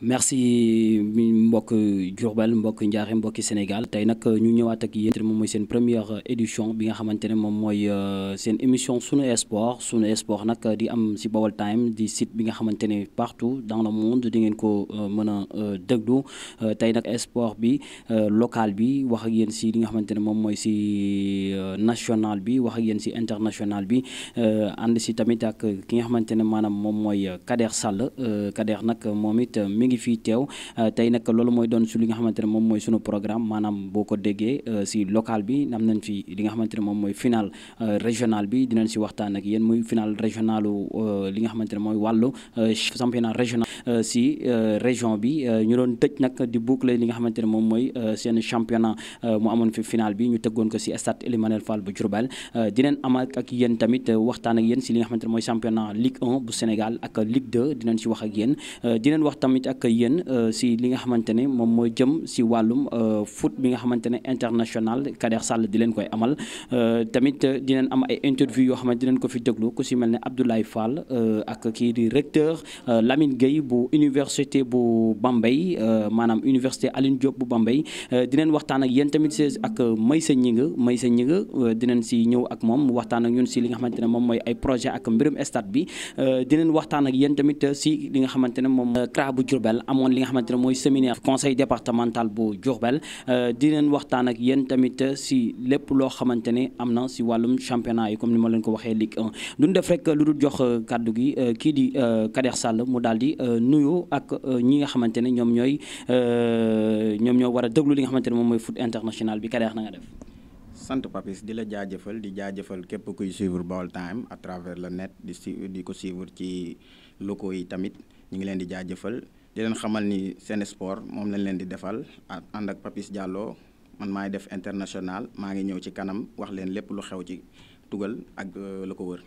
merci mbokk Diourbel mbokk Njaareem mbokki Sénégal tey nag euh, ñu ñëwaat ak yéen moom mooy seen première euh, édition bi nga xamante ne moom mooy euh, seen émission sunu sport sunu sport nag di am si Baol Time di site bi nga xamante ne partout dans le monde di ngeen ko mën a déglu tey nag sport bi local bi wax ak yéen si li nga xamante ne moom mooy si national bi wax ak yéen si international bi ànd si tamit ak ki nga xamante ne maanaam moom mooy Kader Sall Kader nag moom it. mi ngi fii teew euh, tey nag loolu mooy doon su li nga xamante ne moom mooy sunu programme maanaam boo ko déggee euh, si local bi am nañ fi li nga xamante ne moom mooy final euh, régional bi dinañ si waxtaan ak yéen muy final régionalu li nga xamante ne mooy wàllu championnat régional si région bi ñu doon tëj nag di boucler li nga xamante ne moom mooy seen championnat mu amoon fi final bi ñu tëggoon ko si stade Elimanel Fall bu Diourbel dinañ am ak yéen tamit waxtaan ak yéen si li nga xamante mooy championnat Ligue 1 bu Sénégal ak Ligue 2 dinañ si wax ak yéen wax tamit ak yéen euh, si li nga xamante ne moom mooy jëm si wàllum euh, foot bi nga xamante ne international Kader Sall di leen koy amal euh, tamit dinañ am ay interview yoo xamante dinañ ko fi déglu ku si mel ne Abdoulaye Fall ak kii di recteur Lamine Gueye bu université bu Bambey maanaam université Alioune Diop bu Bambey dinañ waxtaan ak yéen tamit si ak Maysa Ñinga Maysa Ñinga dinañ si ñëw ak moom waxtaan ak ñun si li nga xamante ne moom mooy ay projet ak mbirum stade bi dinañ waxtaan ak yéen tamit si li nga xamante moom CRA bu Diourbel amoon li nga xamante ne mooy séminaire conseil départemental bu Diourbel euh, di leen waxtaan ak euh, am na si wàllum championnat yi comme ni ma leen ko waxee Ligue 1 duñ def rek lu dul jox euh, kàddu gi kii di Kader Sall mu daal di nuyu ak ñi nga xamante ne ñoom ñooy ñoom ñoo war a li nga xamante ne moom mooy foot international bi Kader na nga def. sant di la jaajëfal di jaajëfal képp kuy suivre Baol Time à travers le net di ko suivre ci locaux yi tamit ñu ngi leen di jaajëfal. di xamal ni Sen Sport moom lañ leen di defal ànd ak Papis Diallo man maay def international maa ngi ñëw ci kanam wax leen lépp lu xew ci tugal ak euh, la ko wër.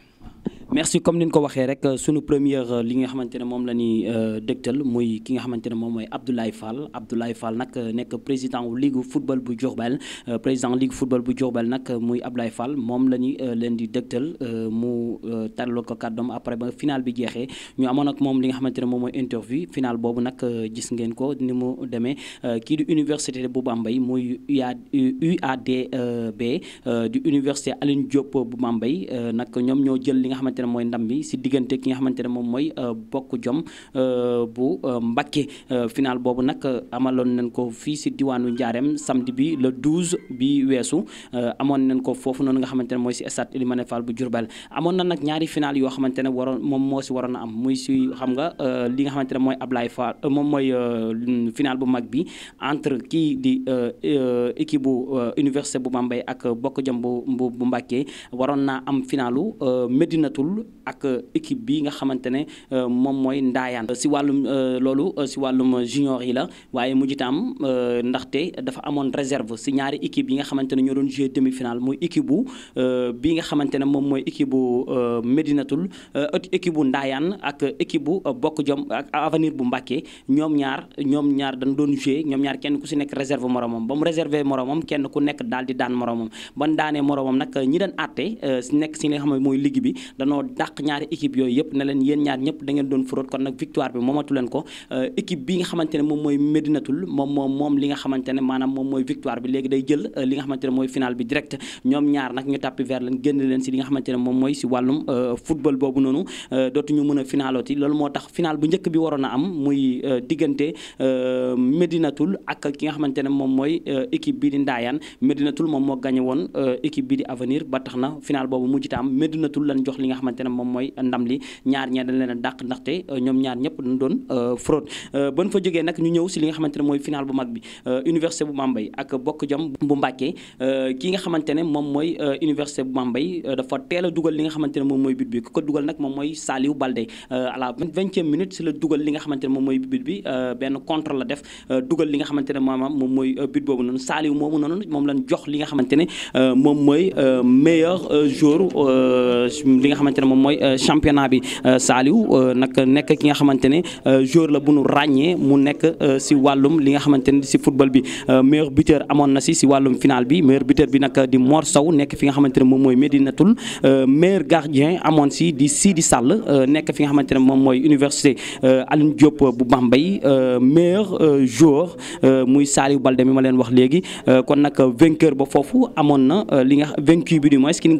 merci comme ni ñu ko waxee rek euh, sunu première euh, li nga xamante ne moom la ñuy euh, dëgtal muy ki nga xamante ne moom mooy Abdoulaye Fall Abdoulaye Fall nag nekk président wu ligue football bu Diourbel président ligue football bu Diourbel nag muy Abdoulaye Fall moom la ñuy leen di dëgtal mu tarloo ko kaddoom après ba final bi jeexee ñu amoon nag moom li nga xamante ne moom mooy interview final boobu nag gis ngeen ko ni mu demee kii di université bu Bambey muy UADB di université Alioune Diop bu Bambey nag ñoom ñoo xamante ne mooy ndam bi si diggante ki nga xamante ne moom mooy euh, bokk jom euh, bu euh, Mbacké final boobu nag amaloon nañ ko fii si diwaanu Ndiarème samedi bi le 12 bi weesu amoon nañ ko foofu noonu nga xamante ne mooy si stade Elimane Fall bu Diourbel amoon na nag ñaari final yoo xamante ne waroon moom moo si waroon am muy si xam nga li nga ne mooy Ablaye Fall moom mooy final bu mag bi entre kii di équipe bu université bu Bambey ak bokk jom bu bu Mbacké waroon naa am finalu Medinatoul bokkul ak euh, équipe bi nga xamante ne euh, moom mooy ndaayaan si wàllum euh, loolu si wàllum junior yi la waaye mujj itam ndaxte dafa amoon réserve si ñaari équipe yi nga xamante ne ñoo doon joué demi-finale muy équipe bu bi nga xamante ne moom mooy équipe bu Médinatul équipe bu ndaayaan ak équipe bu bokk jom ak avenir bu Mbàkke ñoom ñaar ñoom ñaar dañ doon joué ñoom ñaar kenn ku si nekk réserve moromam ba mu réservé moromam kenn ku nekk daal di daan moromam ban daanee moromam nag ñi daan àtte nekk si nga xam mooy ligue ñoo dàq ñaari équipe yooyu yëpp na leen yéen ñaar ñëpp da ngeen doon fraude kon nag victoire bi moomatu leen ko euh, équipe bi nga xamante moom mooy Médinatoul moom moom a moo tax a euh, euh, woon équipe bi di avenir ba tax na final boobu mujjita am lan jox li nga xamante xamante ne moom mooy ndam li ñaar ñee dañ a dàq ndaxte euh, ñoom ñaar ñëpp dañ doon euh, fraude euh, ban fa jógee nag ñu ñëw si li nga xamante ne bu mag bi université bu Bambey ak bokk jom bu Mbàkke ki nga xamante ne moom mooy université a dugal li nga xamante ne moom mooy bi benn contre la def dugal li nga xamante ne moom mooy but boobu noonu Saliou moomu noonu moom lañ jox li nga xamante ne moom mooy meilleur joueur li nga xamante ne moom mooy euh, championnat bi euh, Saliou euh, nag nekk ki nga xamante ne joueur la bu nu ràññee mu nekk si wàllum li nga xamante ne si football bi meilleur buteur amoon na si si wàllum final bi meilleur buteur bi nag di Mor Sow nekk fi nga xamante ne moom mooy Medinatoul meilleur gardien amoon si di Sidi Sall nekk fi nga xamante ne moom université Alioune Diop bu Bambey meilleur joueur muy Saliou Balde mi ma leen wax léegi kon nag vainqueur ba foofu amoon na li nga vaincu bi du moins ki ñu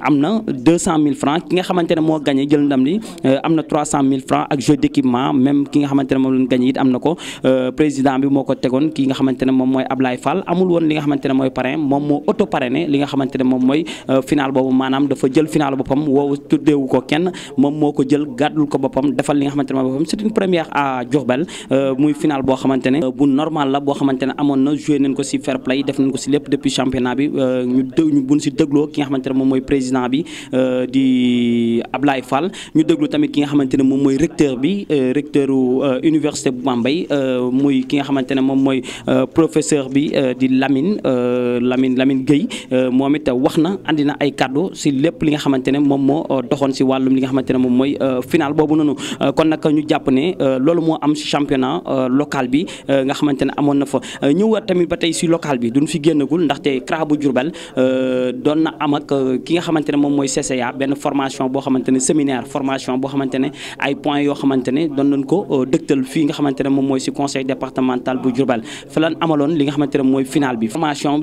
am na 200 000 francs nga xamante ne moo gagné jël ndam li euh, am na 300000 francs ak jeu d'équipement même ki nga xamante moom lañ gagné it am na ko euh, président bi moo ko tegoon ki nga xamante li nga xamante ne mooy parrain moom moo auto euh, la boo xamante ne amoon na joué nañ ko ci fair play def nañ ko moom mooy président bi di di Ablaye Fall ñu déglu tamit ki nga xamante ne moom mooy recteur bi euh, recteuru euh, université bu Bambey euh, muy ki nga xamante ne moom mooy professeur bi di Lamine Lamine Lamine Gueye moom it wax na andi na ay kàddu si lépp li nga xamante ne moom moo doxoon si wàllum li nga xamante ne moom mooy final boobu noonu kon nag ñu jàpp ne loolu moo am si championnat local bi nga xamante ne amoon na fa ñëwaat tamit ba tey si local bi duñ fi génnagul ndaxte CRA bu Diourbel doon na am ak ki nga xamante moom mooy CCA benn formation formation boo xamante séminaire formation boo xamante ay points yoo xamante ne doon ko euh, dëgtal fii nga xamante moom mooy si conseil départemental bu Diourbel fa amaloon li nga xamante mooy final bi formation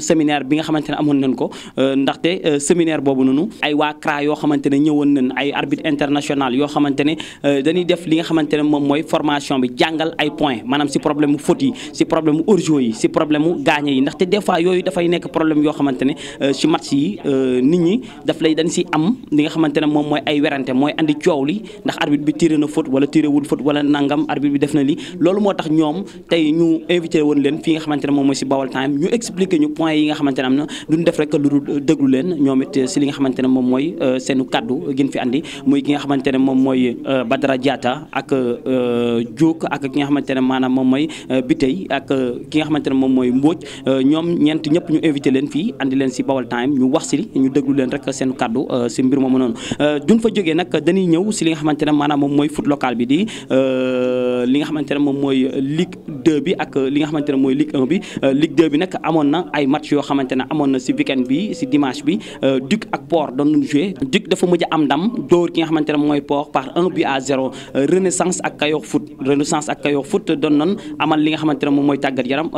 bi jàngal ay points maanaam si problème mu yi si problème mu yi si problème mu yi ndaxte des yooyu dafay nekk problème yoo xamante si euh, match yi euh, nit daf lay dañ am li nga xamante moom mooy ay werante mooy andi coow li ndax arbitre bi tiré na faute wala tiré wul faute wala nangam arbitre bi def na li loolu moo tax ñoom tey ñu invité woon leen fi nga xamante ne moom mooy si Baol Time ñu expliqué ñu point yi nga xamante ne am na duñ def rek lu dul leen ñoom it si li nga xamante ne moom mooy euh, seenu kaddu gin fi andi muy ki nga xamante ne moom mooy euh, Badara Diatta ak euh, Diouk ak ki nga xamante ne maanaam moom mooy Bitey ak ki nga xamante ne moom mooy Mbodj ñoom ñeent ñëpp ñu invité leen fii andi leen si Baol Time ñu wax si ñu déglu leen rek seenu kàddu si mbir moomu noonu duñ fa jógee nag dañuy ñëw si li nga xamante ne maanaam moom mooy foot local bi di euh, li nga xamante ne moom mooy Ligue 2 bi ak li nga xamante ne mooy Ligue bi euh, Ligue 2 bi nag amoon na ay match yoo xamante ne amoon na si weekend bi si dimanche bi euh, Duc ak Port doon joué Duc dafa mujj am ndam dóor ki nga xamante ne mooy Port par 1 but à 0 Renaissance ak Kayor Foot Renaissance ak Kayor Foot doon nan amal li nga xamante ne moom mooy tàggat yaram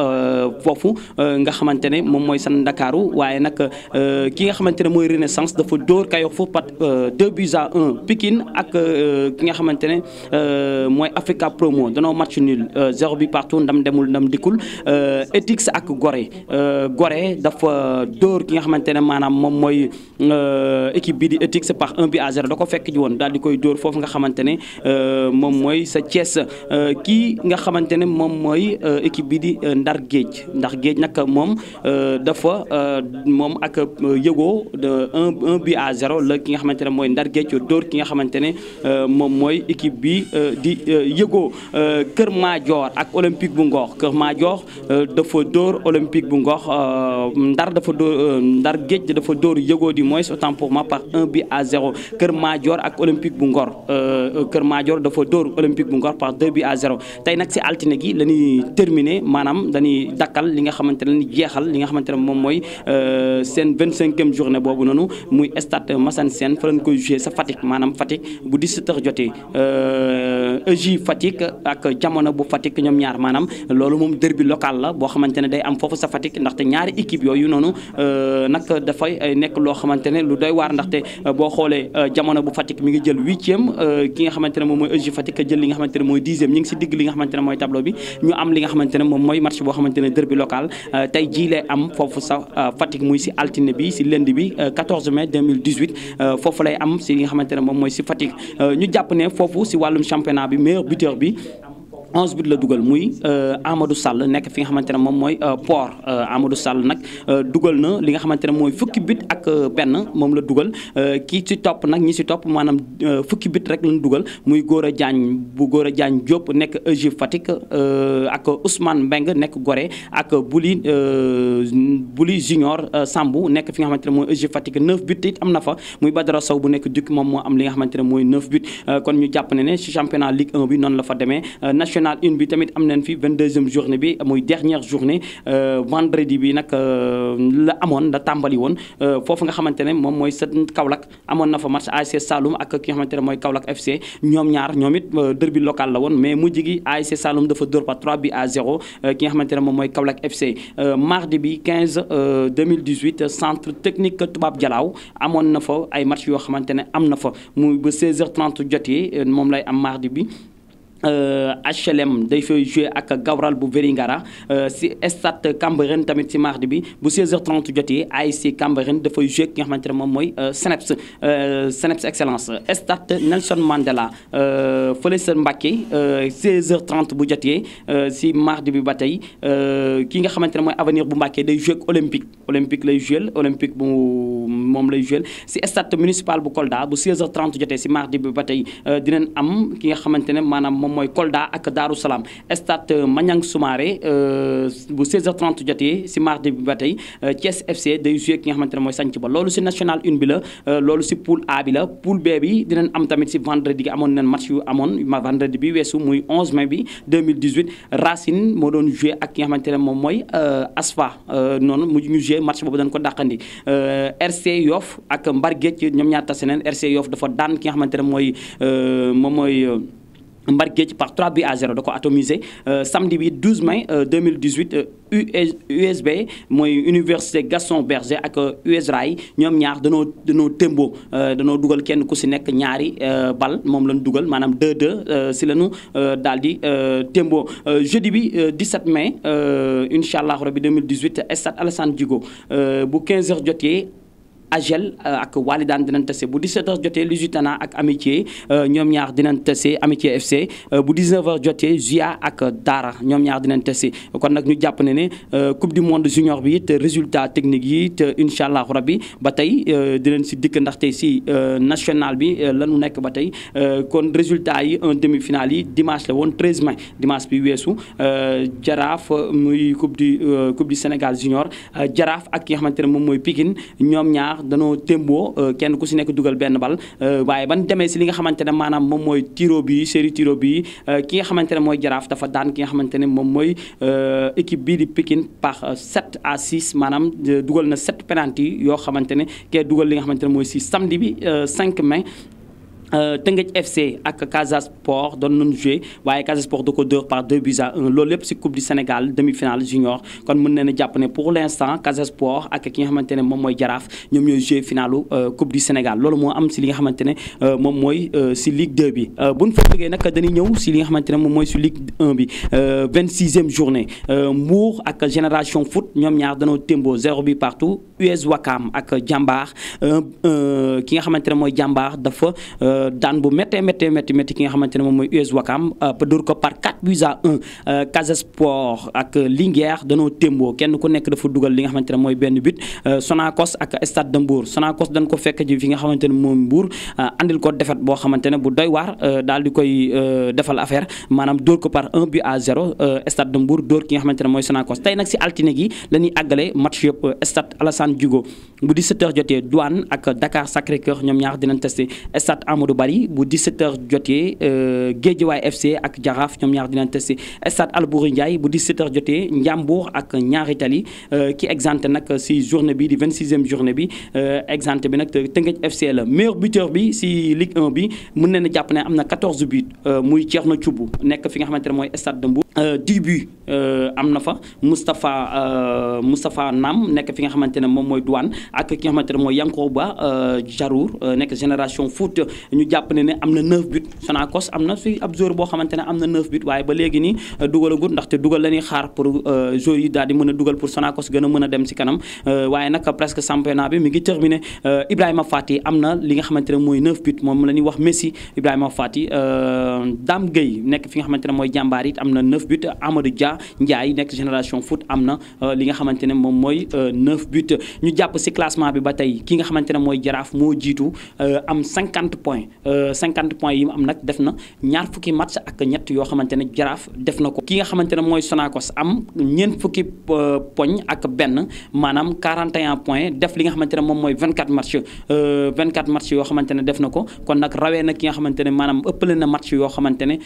foofu nga xamante ne moom mooy san Ndakaaru waaye nag ki nga xamante ne mooy Renaissance dafa dóor Kayor Foot deux buts ak euh, ki nga xamante ne euh, mooy Africa Promo danoo match nul euh, zéro bi partout ndam demul ndam dikkul Etix ak gore Gorée dafa dóor ki nga xamante ne maanaam moom mooy équipe bi di Etix par un da ko fekk ji woon daal di koy dóor nga xamante ne moom mooy sa Thiès kii nga xamante ne moom mooy équipe bi di Ndar Géej ndax Géej nag moom dafa moom ak yëgoo de un un but zéro la ki nga xamante ne mooy Ndar Géej dóor ki nga xamante ne euh, moom mooy équipe bi euh, di yëgoo Kër Madior ak Olympique euh, bu ngoox Kër Madior dafa dóor Olympique bu Ngor Ndar dafa dóor Ndar Géej dafa dóor yëgoo di moins autant pour moi par 1 à 0 Kër Madior ak Olympique bu Ngor Kër Madior dafa dóor Olympique bu Ngor par 2 bi à 0 tey nag si altine gi la ñuy terminer maanaam dañuy dakkal li nga xamante ne la jeexal li nga xamante ne moom mooy seen 25e journée boobu noonu muy stade Massane Sène fa lañ koy joué sa Fatick maanaam Fatick bu 17h jotee EJ euh, Fatick ak jamono bu Fatick ñoom ñaar maanaam loolu moom derby local la boo xamante ne day am foofu sa Fatick ndaxte ñaari équipe yooyu noonu euh, nag dafay euh, nekk loo xamante ne lu doy waar ndaxte boo xoolee jamono bu Fatick mi ngi jël huitième ki nga xamante ne moom mooy EJ li nga xamante ne mooy dixième ñi ngi si digg li nga xamante ne mooy tableau sa Fatick muy si altine bi si lundi bi 14 mai foofu lay am am si li nga xamante ne moom mooy si Fatick euh, ñu jàpp ne foofu si wàllum championnat bi meilleur buteur bi onze but la dugal muy euh, Amadou Sall nekk fi nga xamante ne moom mooy euh, port euh, Amadou Sall nag dugal na li nga xamante ne mooy fukki bit ak benn moom la dugal kii ci topp nag ñi si topp maanaam fukki bit rek lañ dugal muy Gora Diagne bu Gora Diagne Diop nekk EG Fatick ak Ousmane Mbeng nekk Gorée ak Buli Buli Junior Sambou nekk fi nga xamante ne mooy EG Fatick neuf but it am na fa muy Badara Sow bu nekk Dukk moom moo am li nga xamante ne mooy neuf but kon ñu jàpp ne ne ci championnat Ligue 1 bi noonu la fa demee nationale une bi tamit am na fi vingt e journée bi muy dernière journée euh, vendredi bi nag euh, la amoon la tàmbali woon euh, foofu nga xamante ne moom mooy sa Kaolack amoon na fa match ASC Saloum ak ki nga mooy Kaolack FC ñoom ñoom it derby local la woon mais mujj gi ASC dafa dóor par bi à 0 ki nga xamante ne moom mooy Kaolack FC mardi bi 15 2018 centre technique tubaab Dialaw amoon na fa ay match yoo xamante ne am na fa mu ba 16h30 jotee moom lay am mardi bi HLM euh, day fay joué ak Gawral bu Vélingara euh, si stat Cambérène tamit si mardi bi bu 16h30 jotee ASC Cambérène dafay joué ki nga xamante ne moom mooy CNEPS euh, CNEPS excellence stade Nelson Mandela fële sa Mbacké 16h30 bu jotee si mardi bi ba tey ki nga xamante ne mooy avenir bu Mbacké day joué olympique olympique lay joué olympique bu moom lay joué si stade municipal bu Kolda bu 16 h si mardi bi ba tey dinañ am ki nga xamante ne maanaam mooy Kolda ak Daaru Salaam stade Maniang Soumaré euh, bu 16 h jotee si mardi bi ba tey euh, Thiès FC day joué ki nga xamante ne mooy sànc ba loolu si national une bi la euh, loolu si poule A bi la poule B bi dinañ am tamit si vendredi gi amoon nañ match yu amoon vendredi bi weesu muy 11 mai bi 2018 Racine moo doon joué ak ki nga xamante ne moom mooy Asfa noonu mu ñu joué match boobu dañ ko dàqandi RC Yoff ak Mbar Géej ñoom ñaar tase neen RC yoof dafa daan ki nga xamante ne mooy moom mooy Mbar Géej par 3 buts à 0 da ko atomisé euh, samedi bi 12 mai 2018 euh, euh, USB mooy Université Gaston Berger ak US Rail ñoom ñaax danoo danoo témboo danoo dugal kenn ku si nekk ñaari bal moom lañ dugal maanaam 2-2 si lanu daal di témboo jeudi bi 17 mai incha allah rabi 2018 stade Alassane Djigo bu quinze heures jotee. Agel euh, ak Walidaan dinañ tase bu 17h jotee Lusitana ak Amitié euh, ñoom ñaar dinañ tase Amitié FC euh, bu 19h jotee Zuya ak Daara ñoom ñaar dinañ tase kon nag ñu jàpp ne ne coupe du monde junior bi it résultat technique yi te incha allah bi ba tey dinañ si dikk ndax tey si national bi lanu nekk ba tey kon résultat yi un demi-finale yi dimanche la woon 13 mai dimanche bi weesu Jaraaf muy coupe du coupe du Sénégal junior Jaraaf ak ki nga xamante ne moom mooy Pikine ñoom sax danoo témboo euh, kenn ku si nekk dugal benn bal euh, waaye ban demee si li nga xamante ne maanaam moom mooy tiro bi série tiro bi euh, ki nga xamante ne mooy jaraaf dafa daan ki nga xamante ne moom mooy équipe bii di pikin par 7 à 6 maanaam dugal na 7 penalty yoo xamante ne kee dugal li nga xamante ne mooy si samedi bi 5 mai Euh, Teungueth FC ak Casa Sport doon nañu joué waaye Casa Sport da ko dóor par 2 buts à loolu lépp si coupe du Sénégal demi-finale junior kon mën nañu jàpp ne pour l' instant Casa Sport ak ki nga xamante ne moom mooy Jaraaf ñoom ñooy joué finalu euh, coupe du loolu moo am si euh, li nga xamante ne moom mooy si Ligue 2 bi. bu ñu fa jógee nag dañuy ñëw si li nga xamante ne moom mooy si Ligue 1 bi 26e journée Mbour ak Génération Foot ñoom ñaar danoo témboo zéro bi partout US Wakam ak Jàmbaar ki nga xamante ne mooy Jàmbaar dafa. daan bu méttee méttee métti ki nga xamante ne moom mooy US Wakam dóor euh, ko par 4 buts à 1 euh, Casa ak Linguère danoo témboo kenn ku nekk dafa dugal li nga xamante ne mooy benn but euh, Sonacos ak Stade de Mbour Sonacos dañ ko fekk fi nga xamante ne moom Mbour andil ko defet boo xamante ne bu doy waar daal di koy defal affaire maanaam door ko par 1 but à 0 Stade de Mbour dóor ki nga xamante ne mooy Sonacos tey nag si altine gi la ñuy àggale match yëpp Stade Alassane Djigo bu 17h jotee Douane ak Dakar Sacré Cœur ñoom ñaar dinañ testé du bari bu 17h jotee euh, Géejawaay FC ak Jaraaf ñoom ñaar dinañ testé stade Albouri Ndiaye bu 17h jotee Njàmbour ak ñaari tali euh, ki exempté nag si journée bi di 26e journée bi euh, exempté bi nag Tëngéej FC la meilleur buteur bi si Ligue 1 bi mën na jàpp ne am na 14 buts muy Thierno Thioub nekk fi nga xamante ne mooy stade de dix euh, buts euh, am na fa Moustapha euh, Moustapha Nam nekk fi nga xamante ne moom mooy duwaan ak ki nga xamante ne mooy Yankoba Jarour nekk génération foot ñu jàpp ne ne am na neuf buts Sonacos am na fi ab joueur boo xamante ne am na neuf buts waaye ba léegi nii dugalagut ndaxte dugal la ñuy xaar pour joueurs yi daal di mën a dugal pour Sonacos gën a mën a dem si kanam waaye nag presque championnat bi mi ngi terminé Ibrahima Fati am na li nga xamante ne mooy neuf buts moom la ñuy wax Messi Ibrahima Fati Dame Gueye nekk fi nga xamante ne mooy jàmbaar it am na 9 buts Amadou Dia Ndiaye nekk génération foot am na euh, li nga xamante ne moom mooy 9 euh, buts ñu jàpp si classement bi ba tey ki nga xamante ne mooy jaraaf moo jiitu euh, am 50 points 50 points yi mu am nag def na ñaar fukki match ak ñett yoo xamante ne jaraaf def na ko ki nga xamante ne mooy Sonacos am ñeent fukki poñ ak benn maanaam 41 points def li nga xamante ne moom mooy 24 match 24 match yoo xamante ne def na ko kon nag rawee na ki nga xamante ne maanaam ëppale na match yoo xamante ne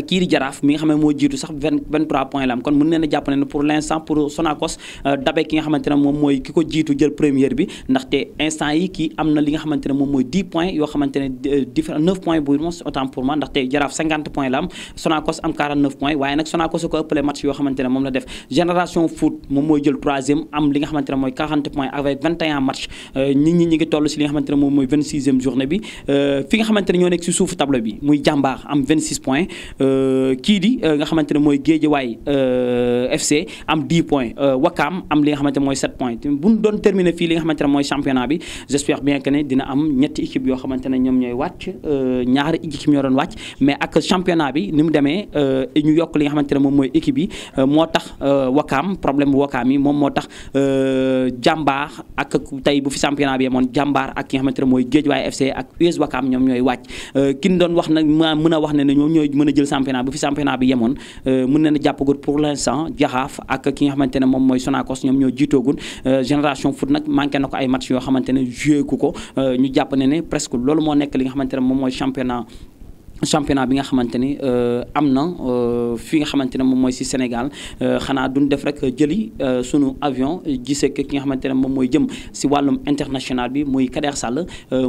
kii di jaraaf mi nga xam ne moo jiitu sax vingt vingt trois points la am kon jàpp ne pour l' instant pour Sonacos euh, dabe ki nga xamante ne moom mooy ki ko jiitu jël première bi ndaxte instant yi kii am na li nga xamante ne moom mooy dix points yoo xamante ne euh, différent neuf points bu moom autant pour moi ndaxte jaraaf cinquante points la am Sonacos am moom la def génération foot moom mooy jël troisième am li nga xamante ne mooy quarante points avec vingt et un match euh, nit ñi ñi ngi toll si li nga xamante ne moom mooy vingt sixième journée bi fi nga xamante ne ñoo nekk si am vingt six points Euh, kii di euh, nga xamante ne mooy Guédiawaye euh, FC am 10 points Wakaam am li nga xamante ne mooy 7 points bu ñu doon terminer fii li nga xamante ne mooy championnat bi j'espère ne dina am ñetti équipe yoo xamante ne ñoom ñooy mais ak championnat bi ni mu demee ñu yokk li nga xamante ne moom mooy équipe yi moo tax Wakaam problème bu Wakaam yi moom moo tax jàmbaar ak tey bu fi championnat bi yemoon jàmbaar ak ki nga xamante ne mooy Guédiawaye FC ak US Wakaam ñoom ñooy wàcc kin doon wax ma mën a wax ne ne ñoom ñooy mën a jël championnat bu fi championnat bi yemoon euh, mën na ne jàppagul pour l'instant jaxaaf ak ki nga xamante ne moom mooy Sonacos ñoom ñoo jiitoogul euh, génération foot nag manqué na ko ay match yoo xamante ne joué ku ko euh, ñu jàpp ne ne presque loolu moo nekk li nga xamante ne moom mooy championnat championnat bi nga xamante ni am na fi nga xamante ne moom mooy si Sénégal xanaa duñ def rek jëli sunu avion gisee ki nga xamante ne moom mooy jëm si wàllum international bi muy Kader Sall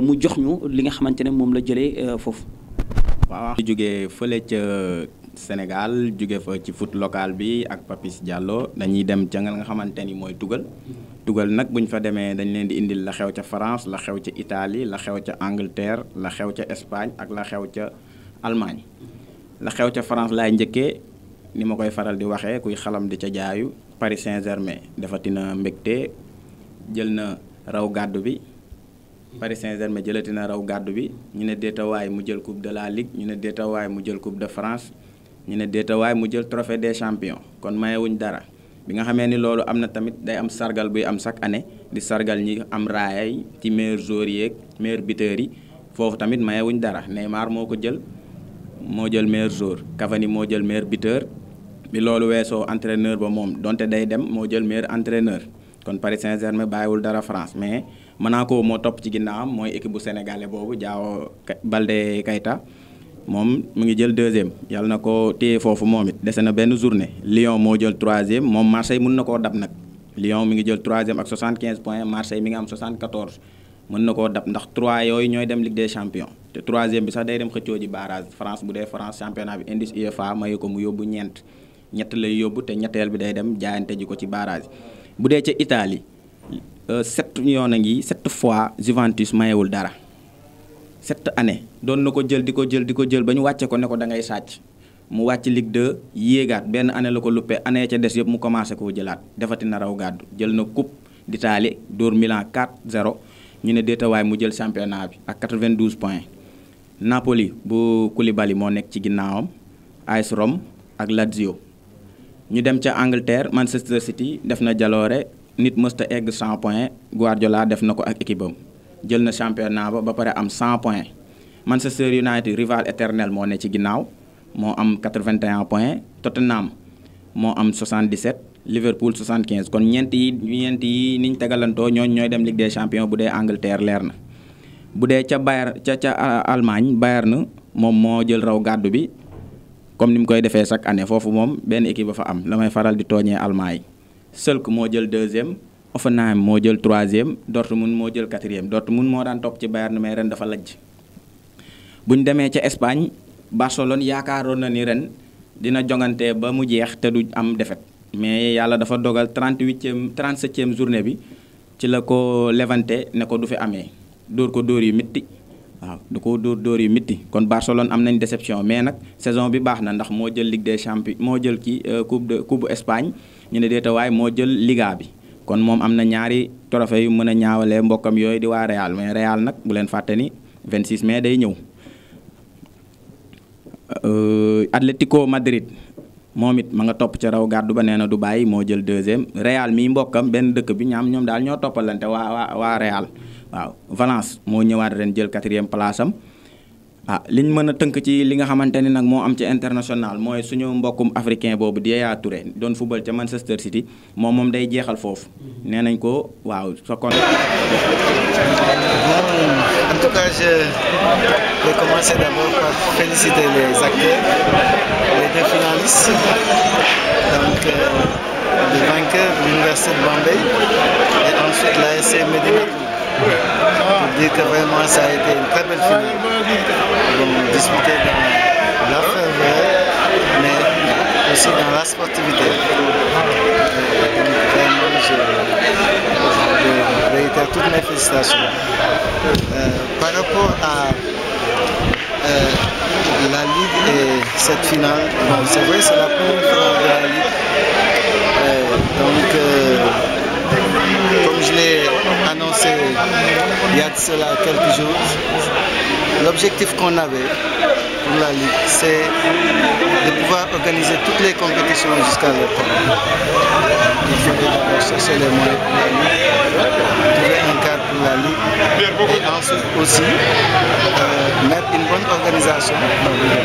mu jox ñu li nga xamante ne moom la jëlee foofu. waaw di jógee fële ca euh, Sénégal jóge fa ci foot local bi ak Papis Diallo dañuy dem ca nga xamante ni mooy tugal tugal nag bu ñu fa demee dañu leen di indil la xew ca France la xew ca Italie la xew ca Angleterre la xew ca Espagne ak la xew ca Allemagne la xew ca France lay njëkkee ni ma koy faral di waxee kuy xalam di ca jaayu Paris Saint-Germain defatina tina jël na raw gàddu bi Paris Saint-Germain jëlati na raw gàddu bi ñu ne déetawaay mu jël coupe de la ligue ñu ne déetawaay mu jël coupe de France ñu ne déetawaay mu jël trophée des champions kon mayewuñ dara bi nga xamee ni loolu am na tamit day am sargal buy am chaque année di sargal ñi am raayay ci meilleur joueur yeeg meilleur buteur yi foofu tamit mayewuñ dara Neymar moo ko jël moo jël meilleur joueur Cavani moo jël meilleur buteur bi loolu weesoo entreneur ba moom donte day dem moo jël meilleur entraîneur kon Paris Saint-Germain bàyyiwul dara France mais. Monaco moo topp ci ginnaa ginnaawam mooy équipe bu sénégalais boobu jaaw Baldé Keita moom mu ngi jël deuxième yàlla na ko téye foofu moom it dese na benn journée Lyon moo jël troisième moom Marseille mun na koo dab nag Lyon mi ngi jël troisième ak 75 points Marseille mi ngi am 74 mën na koo dab ndax 3 yooyu ñooy dem Ligue des champions te troisième bi sax day dem xëccoo ji barrage France bu dee France championnat bi indice UEFA mayu ko mu yóbbu ñeent ñett lay yóbbu te ñetteel bi day dem jaayante ji ko ci barrage bu dee ca Italie. Euh, sept yoon a ngi sept fois Juventus mayewul dara sept année doon na ko jël di ko jël di ko jël ba ñu wàcce ko ne ko da ngay sàcc mu wàcc lig 2 yéegaat benn année la ko luppe année ca des yëpp mu commencé ko jëlaat defati na raw gàddu jël na coupe d'Italie dóor Milan 4-0 ñu ne déetawaay mu jël championnat bi ak 92 points Napoli bu Koulibaly moo nekk ci ginnaawam AS Rome ak Lazio ñu dem ca Angleterre Manchester City def na jaloore nit mësta egg 100 points Guardiola def na ko ak équipe jël na championnat ba ba pare am 100 points Manchester United rival éternel moo ne ci ginnaaw moo am point points Tottenham moo am 77 Liverpool 75 kon ñeent yi ñeent yi niñ tegalantoo ñooñ ñooy dem Ligue des champions bu dee Angleterre leer na bu dee ca Bayern ca ca Allemagne na moom moo jël raw gàddu bi comme ni mu koy defee chaque année foofu moom benn équipe ba fa am la faral di tooñee Allemagne Schalke moo jël deuxième Hoffenheim moo jël troisième mun moo jël quatrième mun moo daan topp ci Bayern mais ren dafa lajj bu ñu demee ca Espagne Barcelone yaakaaroon na ni ren dina jongante ba mu jeex te du am défaite mais yàlla dafa dogal 38e 37e journée bi ci la ko Levante ne ko du fi amee dóor ko dóor yu métti. waaw da ko dóor dóor yu métti kon Barcelone am nañ déception mais nag saison bi baax na ndax moo jël Ligue des champions moo jël kii euh, coupe de coupe Espagne ñu ne déeta waaye moo jël Liga bi kon moom am na ñaari trophée yu mën a ñaawale mbokkam yooyu di waa Real mais Real nag bu leen fàtte ni 26 mai day ñëw euh, Atlético Madrid moom it ma nga topp ca raw gàddu ba nee na du bàyyi moo jël deuxième Real mii mbokkam benn dëkk bi ñaam ñoom daal ñoo toppalante waa waa waaw Valence moo ñëwaat ren jël quatrième place ah liñ mën a tënk ci li nga xamante ne nag moo am ci international mooy suñu mbokkum africain boobu di Yaya Touré doon football ca Manchester City moom moom day jeexal foofu nee nañ ko waaw sa kon. en tout Pour dire que vraiment ça a été une très belle finale. Donc disputée dans la ferveur, mais aussi dans la sportivité. Et donc vraiment, je, je réitère toutes mes félicitations. Euh, par rapport à euh, la Ligue et cette finale, bon, c'est vrai, c'est la première finale de la Ligue. Euh, donc, euh, comme je l'ai il cela quelques jours. L'objectif qu'on avait pour la Ligue, c'est de pouvoir organiser toutes les compétitions jusqu'à l'automne. Il faut d'abord chercher les moyens pour la Ligue, trouver un cadre pour la Ligue, et ensuite aussi euh, une bonne organisation,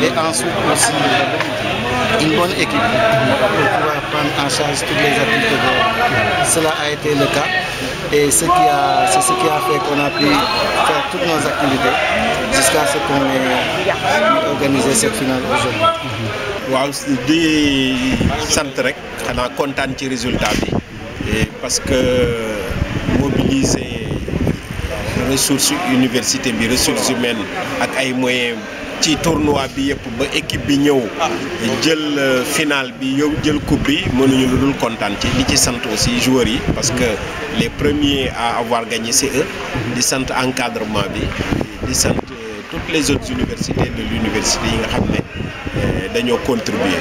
et ensuite aussi une bonne équipe pour pouvoir prendre en charge toutes les activités. Cela a été le cas. Et c'est ce, qui a fait qu'on a pu faire toutes nos activités jusqu'à ce qu'on ait organisé finale aujourd'hui. Mm-hmm. waaw di sant rek xanaa kontaan ci résultat bi parce que mobiliser ressources université bi ressources humaines ak ay moyens ci tournoi bi yëpp ba équipe bi ñëw jël euh, final bi yow jël coupe bi mënuñu lu dul kontaan ci di ci sant aussi joueurs yi parce que les premiers à avoir gagné c'est eux di sant encadrement bi di sant euh, toutes les autres universités de l'université yi nga xam ne euh, dañoo contribuer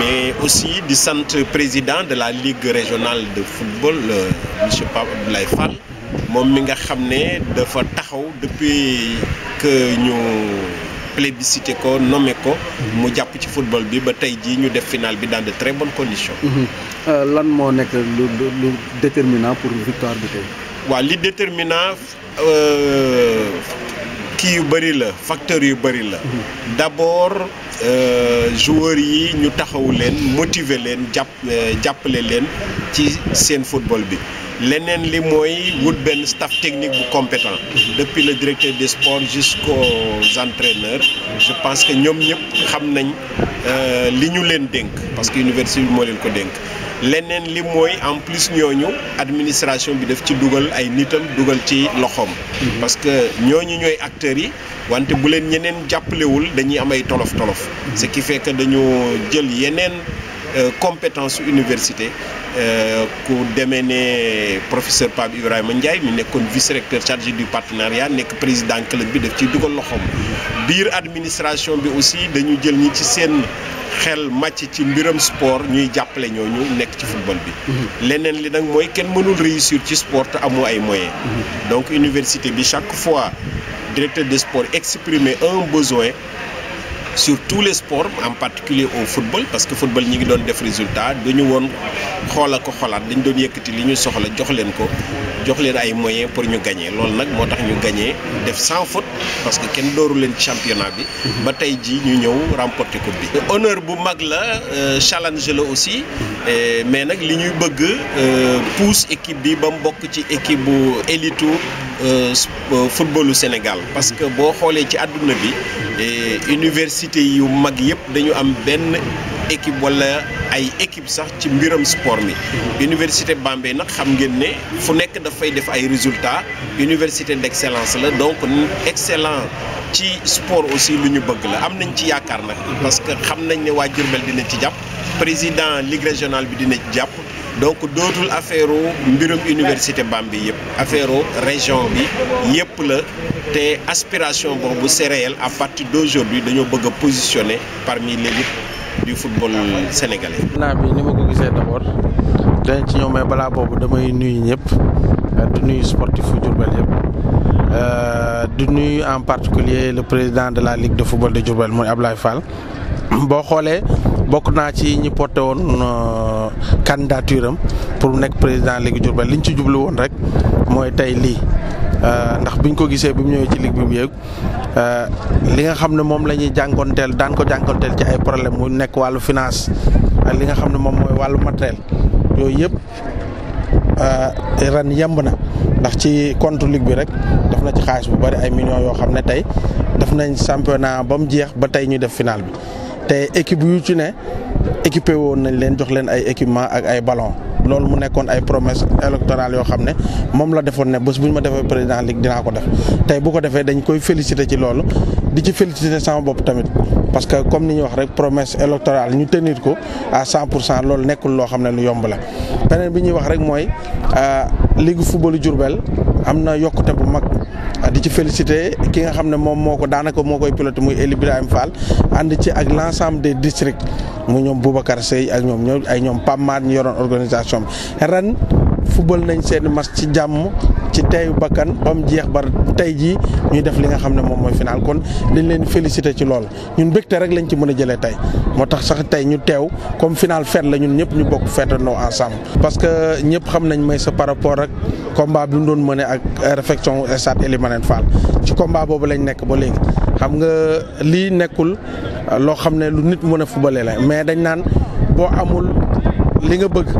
mais aussi di sant président de la ligue régionale de football monsieur Pape lay Fall moom mi nga xam ne dafa taxaw depuis que ñu plébiscité ko nommé ko. mu mhm. jàpp ci football bi ba tey jii ñu def final bi dans de très bonnes conditions. Mhm. Euh, lan moo nekk lu lu déterminant pour victoire bi tey. waaw li déterminant. Euh, kii yu bëri la facteurs yu bëri la d'abord euh, joueurs yi ñu taxawu leen motiver leen jàpp euh, jàppale leen ci seen football bi leneen li mooy wut benn staff technique bu compétent depuis le directeur des sports jusqu'aux entraîneurs je pense que ñoom ñëpp xam nañ euh, li ñu leen dénk parce que université bi moo leen ko dénk leneen li mooy en plus ñooñu administration bi daf ci dugal ay nitam dugal ci loxoom. Mhm. parce que ñooñu ñooy acteur yi wante bu leen ñeneen jàppalewul dañuy am ay tolof tolof. Mhm. ce qui fait que jël yeneen. Euh, compétence université euh, ku demee ne professeur Pape Ibrahima Ndiaye mi nekkoon vice recteur chargé du partenariat nekk président club bi daf ci dugal loxoom biir administration bi aussi dañu jël ñi ci seen xel màcc ci mbiram sport ñuy jàppale ñooñu nekk ci football bi. Mhm. leneen li nag mooy kenn mënul réussir ci sport te amoo ay moyens. Mhm. donc université bi chaque fois directeur de sport exprimer un besoin. sur tous les sports en particulier au football parce que football ñi ngi doon def résultat dañu woon xool xoola ko xolaat dañ doon yëkkati li ñu soxla jox leen ko jox ay moyen pour ñu gañee loolu nag moo tax ñu gañee def sans faute parce que kenn dooru leen championnat bi ba tey ji ñu ñëw remporter coupe bi honneur bu mag la euh, challenge la aussi mais nag li ñuy bëgg euh, pousse équipe bi ba mu bokk ci équipe bu élite Euh, euh, footballu Sénégal parce que boo xoolee ci àdduna bi eh, université yu mag yëpp dañu am benn équipe walla ay équipe sax ci mbiram sport mi université Bambey nag xam ngeen ne fu nekk dafay def ay résultats université d'excellence la donc excellent ci sport aussi lu ñu bëgg la am nañ ci yaakaar nag parce que xam nañ ne waa Diourbel dina ci jàpp président ligue régionale bi dina ci jàpp donc dootul affaire mbirum université Bambey yëpp affaire région bi yëpp la te aspiration boobu c'est à partir d'aujourd'hui dañoo bëgg a positionner parmi l'élite du football sénégalais. naa bi ni ma ko gisee d'abord dañ ci ñëw mais balaa boobu damay nuyu ñëpp euh, du nuyu sportif fu Diourbel euh, du nuyu en particulier le président de la ligue de football de Diourbel mooy Ablaye Fall boo xoolee. bokk naa ci ñi porté woon euh, candidature am pour mu nekk président Ligue Diourbel li ñu ci jublu woon rek mooy tey lii. Euh, ndax biñ ko gisee bi ñëwee ci ligue bi mu euh, li nga xam ne moom la ñuy jànkoonteel daan ko jànkoonteel ci ay problème mu nekk wàllu finance li nga xam ne moom mooy wàllu matériel yooyu yëpp ren yemb na ndax ci compte ligue bi rek def na ci xaalis bu bari ay millions yoo xam ne tey def nañ championnat ba mu jeex ba tey ñu def final bi. te équipe yu ci ne équipé woon nañ leen jox leen ay équipement ak ay ballon loolu mu nekkoon ay promesse électorale yoo xam ne moom la defoon ne bés bu ñu ma defee président ligue dinaa ko def tey bu ko defee dañ koy félicité ci loolu di ci félicité sama bopp tamit parce que comme ni ñu wax rek promesse électorale ñu tenir ko à cent pour cent loolu nekkul loo xam ne lu yomb la beneen bi ñuy wax rek mooy euh, ligue footballu Diourbel am na yokkute bu mag Ah, di ci félicité ki nga xam ne moom moo ko daanaka moo koy piloté muy Eli Ibrahim Fall ànd ci ak l' ensemble des districts mu ñoom Boubacar Seye ak ñoom ñoom ay ñoom Pamar ñu yoroon organisation ren. fubal nañ seeni match ci jàmm ci teyu bakkan bam jeex bar tey jii ñuy def li nga xam ne moom mooy final kon dañ leen félicité ci lool ñun mbégte rek lañ ci mën a jëlee tey moo tax sax tey ñu teew comme final fête la ñun ñëpp ñu bokk fêtandoo ensemble. parce que ñëpp xam nañ may sa par rapport ak combat bi mu doon mëne ak réflexion stade Ely Manel Fall ci combat boobu lañ nekk bo léegi xam nga lii nekkul loo xam ne lu nit mën a fubale la mais dañ naan boo amul li nga bëgg.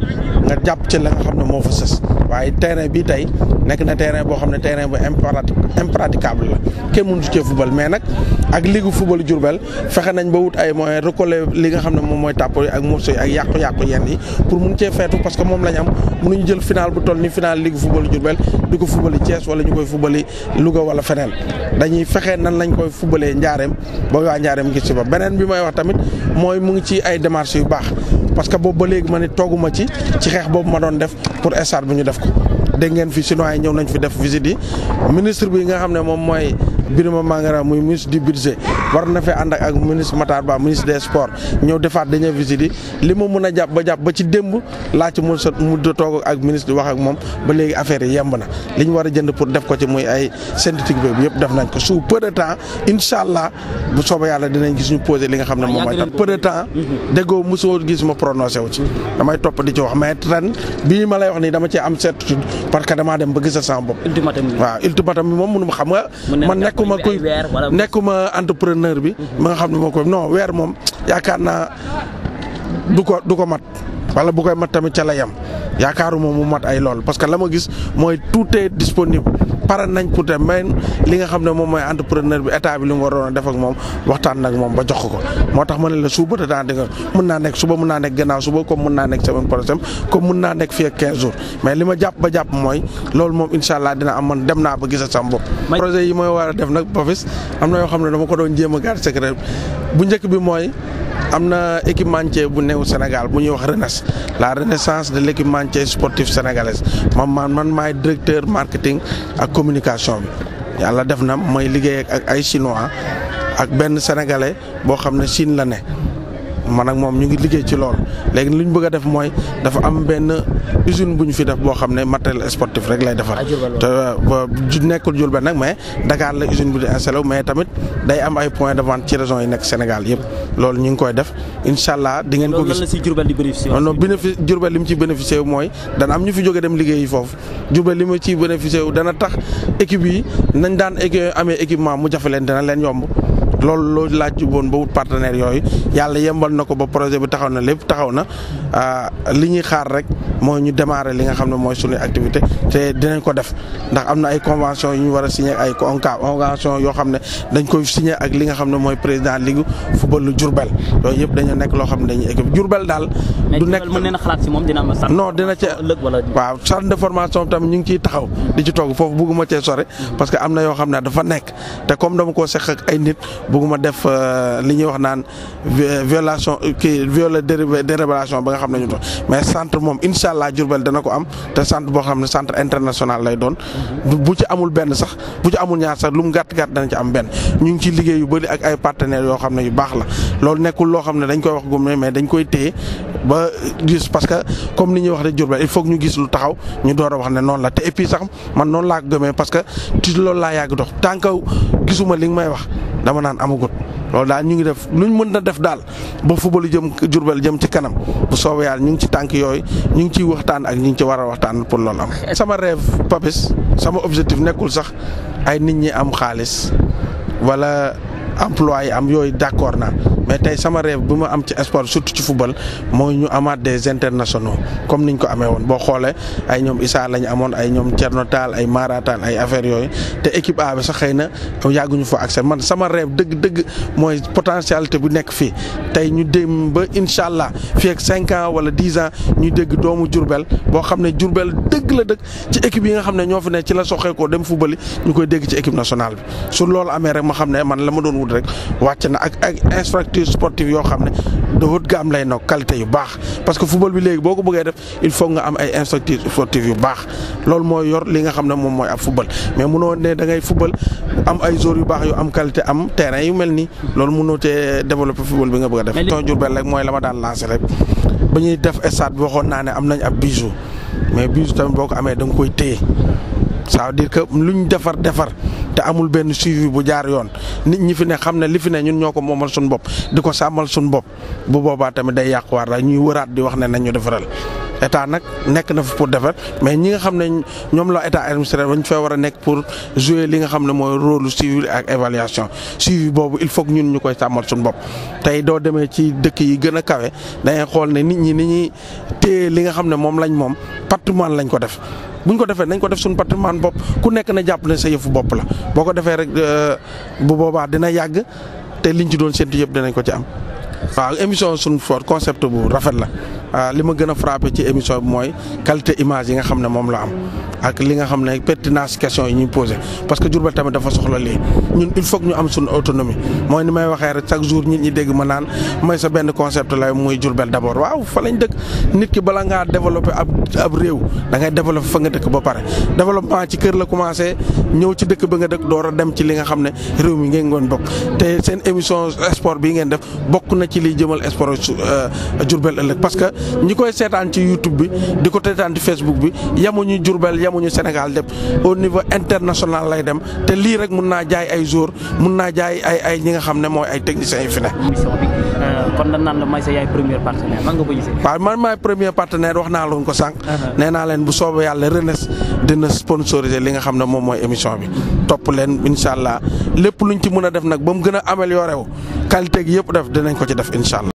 nga jàpp ci la nga xam ne moo fa sës waaye terrain bi tey nekk na terrain boo xam ne terrain bu impraticable la kenn mënut cee football mais nag ak ligu football Diourbel fexe nañ ba wut ay moyens recoller li nga xam ne moom mooy tàppo ak morceau yi ak yàqu-yàqu yenn yi pour mun cee feetu parce que moom lañ am mënuñu jël final bu toll ni final ligu football Diourbel di ko football Thiès wala ñu koy football luga wala feneen dañuy fexe nan lañ koy footballee Njaareem ba waa Njaareem gis ci ba beneen bi may wax tamit mooy mu ngi ci ay démarches yu baax parce que boobu ba léegi ma ne tooguma ci ci xeex boobu ma doon def pour stade bu ñu def ko dégg ngeen fi chinois yi ñëw nañ fi def visite yi ministre bi nga xam ne moom mooy Birima Mangara muy ministre du budget war na fee ànd ak ministre Matar Ba ministre des sports ñëw defaat dañuy visite li ma mun a jàpp ba jàpp ba ci démb laa ci mun sa mun a ak ministre wax ba léegi affaire yi yemb na li ñu war a jënd pour def ko ci muy nañ ko sous peu de temps incha allah bu gis ñu posé li nga xam ne moom ah, mooy mm-hmm. ma prononcé wu ci di wax mais ren bii ma lay wax nii dama cee a bi moom mënu ma xam nga man nekk nekkuma kuy nekkuma entrepreneur bi. Mm-hmm. ma nga xam ne ma koy non weer moom yaakaar naa du ko du ko mat. wala bu koy mat tamit ca la yem yaakaaruma mu mat ay lool parce que la ma gis mooy tout est disponible. pare nañ pour te may li nga xam ne moom mooy entrepreneur bi état bi li mu waroon a def ak moom waxtaan nag moom ba jox ko moo tax ma ne la suba daan di nga mën naa nekk suba mën naa nekk gannaaw suba comme mën naa nekk semaine prochaine comme mën naa nekk fii ak 15 jours mais li ma jàpp ba jàpp mooy loolu moom incha allah dina am man dem naa ba gisa sam bopp projet yi mooy war a def nag bofis am na yoo xam ne dama ko doon jéem a garde secret bu njëkk bi mooy am na équipementier bu néew Sénégal bu ñuy wax RENES la renaissance de l' équipementier sportif sénégalaise man man man maay directeur marketing ak communication bi yàlla def na may liggéey ak ay chinois ak benn sénégalais boo xam ne Chine la ne. man ak moom ñu ngi liggéey ci lool léegi li ñu bëgg def mooy dafa am benn usine bu ñu fi def boo xam ne matériel sportif rek lay defar te euh, nekkul Diourbel nag mais Dakar la usine bi di installé mais tamit day ay point de vente ci région yi nekk Sénégal yëpp loolu ñu ngi koy def incha dingeen di ngeen ko gis non bénéfice Diourbel li mu ci bénéficié wu mooy dana am ñu fi jóge dem liggéey yi foofu Diourbel li mu ci bénéficié wu dana tax équipe yi nañ daan amee équipement mu jafe leen dana leen yomb loolu loo laaj woon ba wut partenaire yooyu yàlla yembal na ko ba projet bi taxaw na lépp taxaw na ah, li ñuy xaar rek mooy ñu démarrer li nga xam ne mooy suñu activité te dinañ ko def ndax am na ay convention yu ñu war a signé ay convention yoo xam ne dañ koy signé ak li nga xam ne mooy président ligue football lu Diourbel yooyu yëpp dañu nekk loo xam ne dañu équipe Diourbel daal. du nekk mën nañ xalaat moom dina am centre non dina ca waaw centre de formation tamit ñu ngi ciy taxaw di ci togg foofu bëgguma cee sore parce que am na yoo xam ne dafa nekk te comme dama koo seq ay nit bugguma def euh, li ñuy wax naan violation kii viol dérégulation ba nga xam ne ñu doon mais centre moom incha allah Diourbel dana ko am te centre boo xam ne centre international lay doon. Mhm. bu ci amul benn sax bu ci amul ñaar sax lu mu gàtt gàtt dana ci am benn ñu ngi ci liggéey bëri ak ay partenaires yoo xam ne yu baax la loolu nekkul loo xam ne dañ koy wax gum mais dañ koy téye gis parce que comme ni ñuy wax rek Diourbel il ñu gis taxaw ñu door a wax ne noonu la te et sax man noon laa ko gëmee parce que ci loolu laa yàgg dox tant que gisuma li nga may wax. dama naan amu amagut loolu daal ñu ngi def luñ mën na def daal ba football jëm Jurbel jëm ci kanam bu soobee yàlla ñu ngi ci tànk yooyu ñu ngi ciy waxtaan ak ñu ngi ci war a waxtaan pour loolu am. sama rêve Papis sama objectif nekkul sax ay nit ñi am xaalis wala employé am yooyu d'accord naa mais tey sama rêve bi ma am ci sport surtout ci football mooy ñu amaat des internationaux comme niñ ko amee woon boo xoolee ay ñoom Issa lañ amoon ay ñoom Thierno Tall ay Mara Tall ay affaire yooyu te équipe A bi sax xëy na yàgguñu fa accès man sama rêve dëgg-dëgg mooy potentialité bu nekk fii tey ñu dem ba incha allah fii ak cinq ans wala dix ans ñuy dégg doomu Jurbel boo xam ne Jurbel dëgg la dëgg ci équipe yi nga xam ne ñoo fi ne ci la soxeekoo dem football ñu koy dégg ci équipe nationale bi su loolu amee rek xam ne man la ma doon wut rek wàcc na ak ak structure sportive yoo xam ne de haute gamme lay nokk qualité yu baax parce que football bi léegi boo ko bëggee def il faut nga am ay instructeurs sportifs yu baax loolu mooy yor li nga xam ne moom mooy ab football mais munoo ne da ngay football am ay joueurs yu baax yu am qualité am terrain yu mel nii loolu munoo te développer football bi nga bëgg a def. ton Diourbel rek mooy la daan lancer rek ba ñuy def stade bi waxoon naa ne am nañ ab bijou mais bijou tamit boo ko amee da nga koy téye te amul benn suivi bu jaar yoon nit ñi fi ne xam ne li fi ne ñun ñoo ko moomal suñu bopp di ko sàmmal suñu bopp bu boobaa tamit day yàquwaat la ñuy wëraat di wax ne nañu defaral état nag nekk na fi pour defar mais ñi nga xam ne ñoom la état administratif dañ fee war a nekk pour jouer li nga xam ne mooy rôle suivi ak évaluation suivi boobu il faut ñun ñu koy sàmmal suñu bopp. tey doo demee ci dëkk yi gën a kawe dangay xool ne nit ñi nit ñuy téye li nga xam ne moom lañ moom patrimoine lañ ko def. bu ñu ko defee nañ ko def suñu patrimoine bopp ku nekk na jàpp ne sa yëfu bopp la boo ko defee rek euh, bu boobaa dina yàgg te liñ ci doon séntu yëpp dinañ ko ci am. waaw émission suñu fort concept bu rafet la. Ah, li ma gën a frappé ci émission bi mooy qualité image yi nga xam ne moom la am ak li nga xam ne pertinence question yi ñuy posé parce que Diourbel tamit dafa soxla lii ñun il faut ñu am suñu autonomie mooy ni may waxee rek chaque jour nit ñi dégg ma naan may sa benn concept lay muy Diourbel d'abord waaw fa lañ dëkk nit ki bala ngaa développé ab ab réew da ngay développé fa nga dëkk ba pare développement ci kër la commencé ñëw ci dëkk ba nga dëkk door a dem ci li nga xam ne réew mi ngeen ngoon bokk te seen émission sport bii ngeen def bokk na ci liy jëmal sport euh, Diourbel ëllëg parce que ñi koy seetaan ci YouTube bi di ko seetaan ci Facebook bi yemuñu Jurbel yamuñu Sénégal dem au niveau international lay dem te lii rek mun naa jaay ay jour mun naa jaay ay ay ñi nga xam ne mooy ay techniciens yi fi ne. Euh, kon dañ naan la may sa yaay nga ko gisee. waaw man maay premier partenaire wax naa leen ko sànq. Uh-huh. nee naa leen bu soobee yàlla Renes dina sponsoriser li nga xam ne moom mooy émission bi. topp leen incha allah lépp luñ ci mën a def nag ba mu gën a amélioré wu qualité gi yëpp def dinañ ko ci def incha allah.